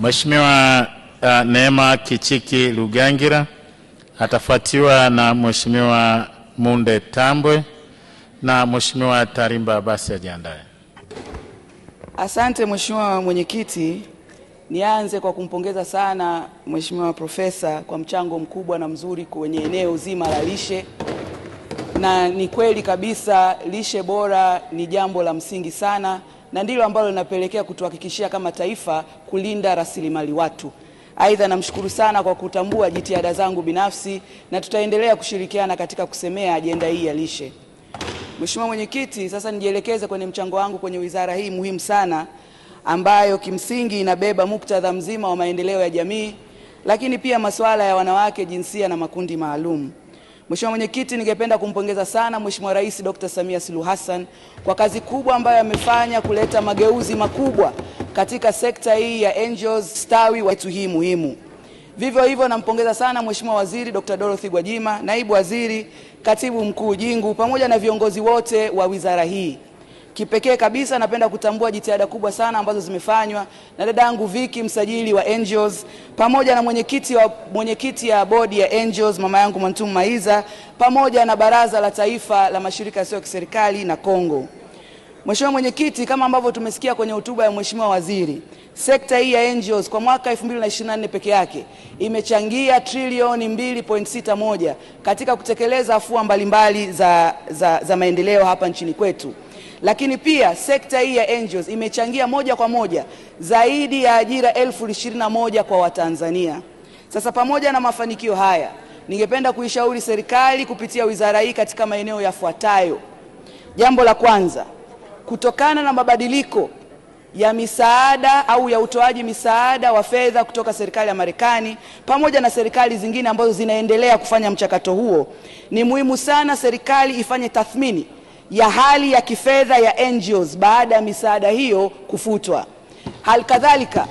Mheshimiwa uh, Neema Kichiki Lugangira atafuatiwa na Mheshimiwa Munde Tambwe na Mheshimiwa Tarimba basi ajiandae. Asante Mheshimiwa Mwenyekiti, nianze kwa kumpongeza sana Mheshimiwa Profesa kwa mchango mkubwa na mzuri kwenye eneo zima la lishe, na ni kweli kabisa lishe bora ni jambo la msingi sana na ndilo ambalo linapelekea kutuhakikishia kama taifa kulinda rasilimali watu. Aidha, namshukuru sana kwa kutambua jitihada zangu binafsi na tutaendelea kushirikiana katika kusemea ajenda hii ya lishe. Mheshimiwa Mwenyekiti, sasa nijielekeze kwenye mchango wangu kwenye wizara hii muhimu sana ambayo kimsingi inabeba muktadha mzima wa maendeleo ya jamii, lakini pia masuala ya wanawake, jinsia na makundi maalum. Mheshimiwa Mwenyekiti, ningependa kumpongeza sana Mheshimiwa Rais Dr. Samia Suluhu Hassan kwa kazi kubwa ambayo amefanya kuleta mageuzi makubwa katika sekta hii ya NGOs, stawi wetu hii muhimu. Vivyo hivyo nampongeza sana Mheshimiwa Waziri Dr. Dorothy Gwajima, Naibu Waziri, Katibu Mkuu Jingu pamoja na viongozi wote wa wizara hii. Kipekee kabisa napenda kutambua jitihada kubwa sana ambazo zimefanywa na dada yangu Viki, msajili wa Angels, pamoja na mwenyekiti wa mwenyekiti ya bodi ya Angels, mama yangu Mwantumu Maiza, pamoja na baraza la taifa la mashirika yasiyo ya kiserikali na Kongo. Mheshimiwa mwenyekiti, kama ambavyo tumesikia kwenye hotuba ya Mheshimiwa waziri, sekta hii ya NGOs kwa mwaka 2024 peke yake imechangia trilioni 2.61 katika kutekeleza afua mbalimbali za, za, za maendeleo hapa nchini kwetu. Lakini pia sekta hii ya NGOs imechangia moja kwa moja zaidi ya ajira elfu ishirini na moja kwa Watanzania. Sasa pamoja na mafanikio haya, ningependa kuishauri serikali kupitia wizara hii katika maeneo yafuatayo. Jambo la kwanza, kutokana na mabadiliko ya misaada au ya utoaji misaada wa fedha kutoka serikali ya Marekani pamoja na serikali zingine ambazo zinaendelea kufanya mchakato huo, ni muhimu sana serikali ifanye tathmini ya hali ya kifedha ya NGOs baada ya misaada hiyo kufutwa. Halikadhalika,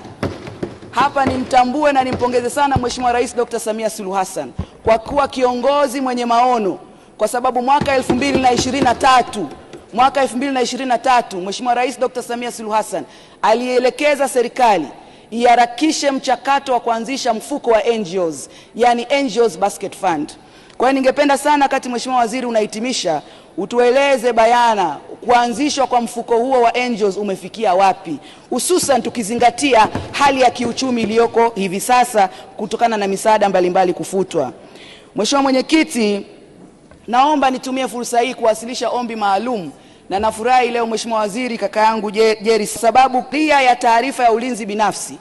hapa nimtambue na nimpongeze sana Mheshimiwa Rais Dr. Samia Suluhu Hassan kwa kuwa kiongozi mwenye maono, kwa sababu mwaka 2023 mwaka 2023 Mheshimiwa Rais Dr. Samia Suluhu Hassan alielekeza serikali iharakishe mchakato wa kuanzisha mfuko wa NGOs, yani NGOs Basket Fund. Kwa hiyo ningependa sana wakati Mheshimiwa Waziri unahitimisha utueleze bayana kuanzishwa kwa mfuko huo wa angels umefikia wapi, hususan tukizingatia hali ya kiuchumi iliyoko hivi sasa kutokana na misaada mbalimbali kufutwa. Mheshimiwa Mwenyekiti, naomba nitumie fursa hii kuwasilisha ombi maalum na nafurahi leo Mheshimiwa Waziri kaka yangu Jerry, sababu pia ya taarifa ya ulinzi binafsi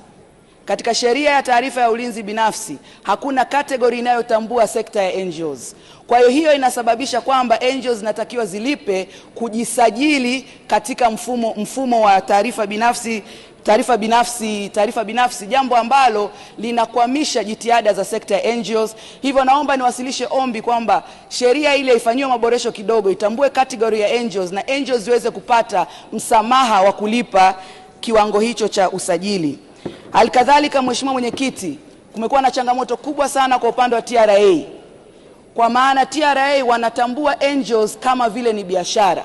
katika sheria ya taarifa ya ulinzi binafsi hakuna kategori inayotambua sekta ya NGOs. Kwa hiyo hiyo inasababisha kwamba NGOs zinatakiwa zilipe kujisajili katika mfumo, mfumo wa taarifa binafsi taarifa binafsi taarifa binafsi, jambo ambalo linakwamisha jitihada za sekta ya NGOs. Hivyo naomba niwasilishe ombi kwamba sheria ile ifanyiwe maboresho kidogo, itambue kategori ya NGOs na NGOs ziweze kupata msamaha wa kulipa kiwango hicho cha usajili alikadhalika Mheshimiwa Mwenyekiti, kumekuwa na changamoto kubwa sana kwa upande wa TRA, kwa maana TRA wanatambua angels kama vile ni biashara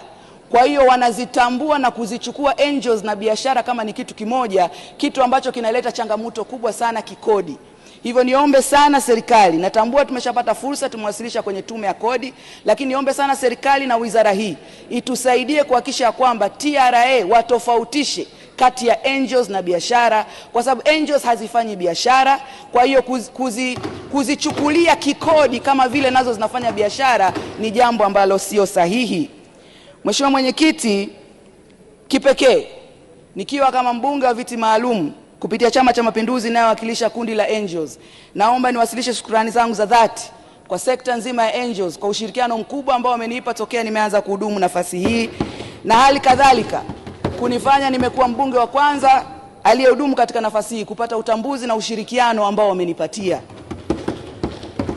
kwa hiyo wanazitambua na kuzichukua angels na biashara kama ni kitu kimoja, kitu ambacho kinaleta changamoto kubwa sana kikodi. Hivyo niombe sana serikali, natambua tumeshapata fursa, tumewasilisha kwenye tume ya kodi, lakini niombe sana serikali na wizara hii itusaidie kuhakikisha kwamba TRA watofautishe kati ya angels na biashara, kwa sababu angels hazifanyi biashara. Kwa hiyo kuzichukulia kuzi kikodi kama vile nazo zinafanya biashara ni jambo ambalo sio sahihi. Mheshimiwa Mwenyekiti, kipekee nikiwa kama mbunge wa viti maalum kupitia Chama cha Mapinduzi inayowakilisha kundi la angels, naomba niwasilishe shukrani zangu za dhati kwa sekta nzima ya angels kwa ushirikiano mkubwa ambao wameniipa tokea nimeanza kuhudumu nafasi hii, na hali kadhalika kunifanya nimekuwa mbunge wa kwanza aliyehudumu katika nafasi hii kupata utambuzi na ushirikiano ambao wamenipatia.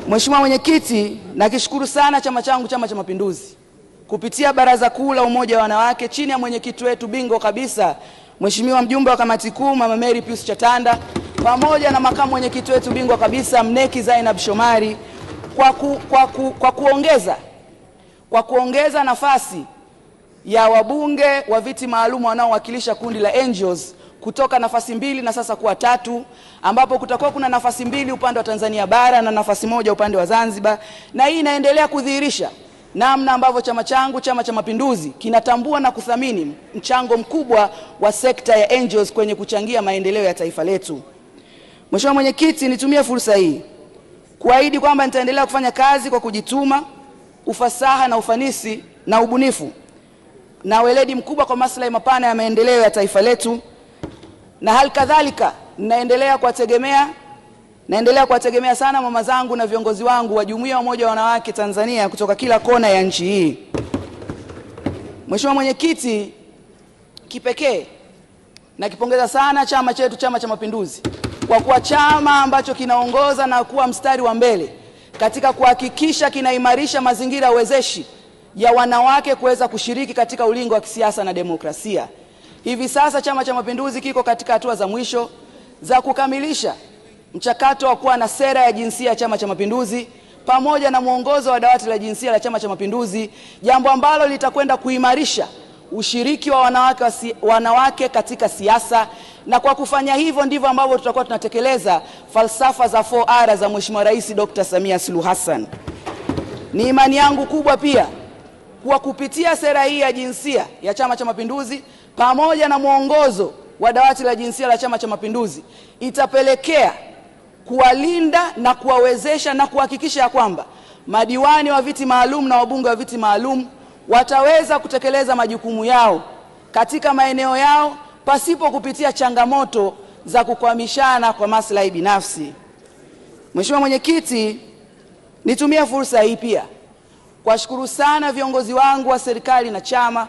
Mheshimiwa Mwenyekiti, nakishukuru sana chama changu Chama cha Mapinduzi kupitia Baraza Kuu la Umoja wa Wanawake chini ya mwenyekiti wetu bingo kabisa Mheshimiwa mjumbe wa kamati kuu Mama Mary Pius Chatanda pamoja na makamu mwenyekiti wetu bingwa kabisa Mneki Zainab Shomari kwa, ku, kwa, ku, kwa kuongeza kwa kuongeza nafasi ya wabunge wa viti maalum wanaowakilisha kundi la NGOs kutoka nafasi mbili na sasa kuwa tatu, ambapo kutakuwa kuna nafasi mbili upande wa Tanzania bara na nafasi moja upande wa Zanzibar, na hii inaendelea kudhihirisha namna ambavyo chama changu Chama cha Mapinduzi kinatambua na kuthamini mchango mkubwa wa sekta ya NGOs kwenye kuchangia maendeleo ya taifa letu. Mheshimiwa Mwenyekiti, nitumie fursa hii kuahidi kwamba nitaendelea kufanya kazi kwa kujituma, ufasaha na ufanisi na ubunifu na weledi mkubwa kwa maslahi mapana ya maendeleo ya taifa letu, na hali kadhalika naendelea kuwategemea naendelea kuwategemea sana mama zangu na viongozi wangu wa Jumuiya ya Umoja wa Wanawake Tanzania kutoka kila kona ya nchi hii. Mheshimiwa Mwenyekiti, kipekee nakipongeza sana chama chetu, Chama cha Mapinduzi, kwa kuwa chama ambacho kinaongoza na kuwa mstari wa mbele katika kuhakikisha kinaimarisha mazingira wezeshi ya wanawake kuweza kushiriki katika ulingo wa kisiasa na demokrasia. Hivi sasa Chama cha Mapinduzi kiko katika hatua za mwisho za kukamilisha mchakato wa kuwa na sera ya jinsia ya Chama cha Mapinduzi pamoja na mwongozo wa dawati la jinsia la Chama cha Mapinduzi, jambo ambalo litakwenda kuimarisha ushiriki wa wanawake, wa si, wanawake katika siasa, na kwa kufanya hivyo ndivyo ambavyo tutakuwa tunatekeleza falsafa za 4R za Mheshimiwa Rais Dr. Samia Suluhu Hassan. Ni imani yangu kubwa pia kwa kupitia sera hii ya jinsia ya Chama cha Mapinduzi pamoja na mwongozo wa dawati la jinsia la Chama cha Mapinduzi itapelekea kuwalinda na kuwawezesha na kuhakikisha ya kwamba madiwani wa viti maalum na wabunge wa viti maalum wataweza kutekeleza majukumu yao katika maeneo yao pasipo kupitia changamoto za kukwamishana kwa maslahi binafsi. Mheshimiwa Mwenyekiti, nitumie fursa hii pia kuwashukuru sana viongozi wangu wa serikali na chama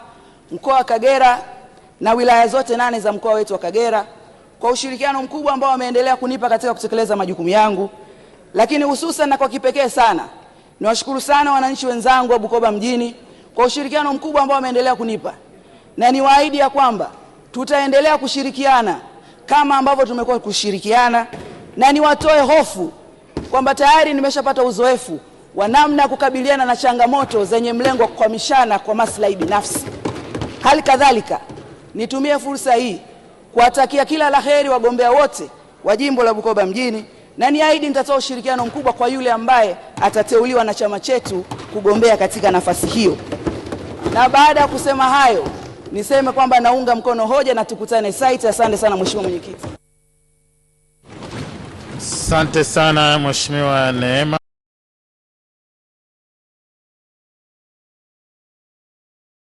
mkoa wa Kagera na wilaya zote nane za mkoa wetu wa Kagera kwa ushirikiano mkubwa ambao wameendelea kunipa katika kutekeleza majukumu yangu, lakini hususan na kwa kipekee sana niwashukuru sana wananchi wenzangu wa Bukoba mjini kwa ushirikiano mkubwa ambao wameendelea kunipa, na niwaahidi ya kwamba tutaendelea kushirikiana kama ambavyo tumekuwa kushirikiana, na niwatoe hofu kwamba tayari nimeshapata uzoefu wa namna ya kukabiliana na changamoto zenye mlengo wa kukwamishana kwa maslahi binafsi. Hali kadhalika, nitumie fursa hii kuwatakia kila laheri wagombea wote wa jimbo la Bukoba mjini na niahidi nitatoa ushirikiano mkubwa kwa yule ambaye atateuliwa na chama chetu kugombea katika nafasi hiyo. Na baada ya kusema hayo, niseme kwamba naunga mkono hoja na tukutane site. Asante sana mheshimiwa mwenyekiti. Asante sana mheshimiwa Neema.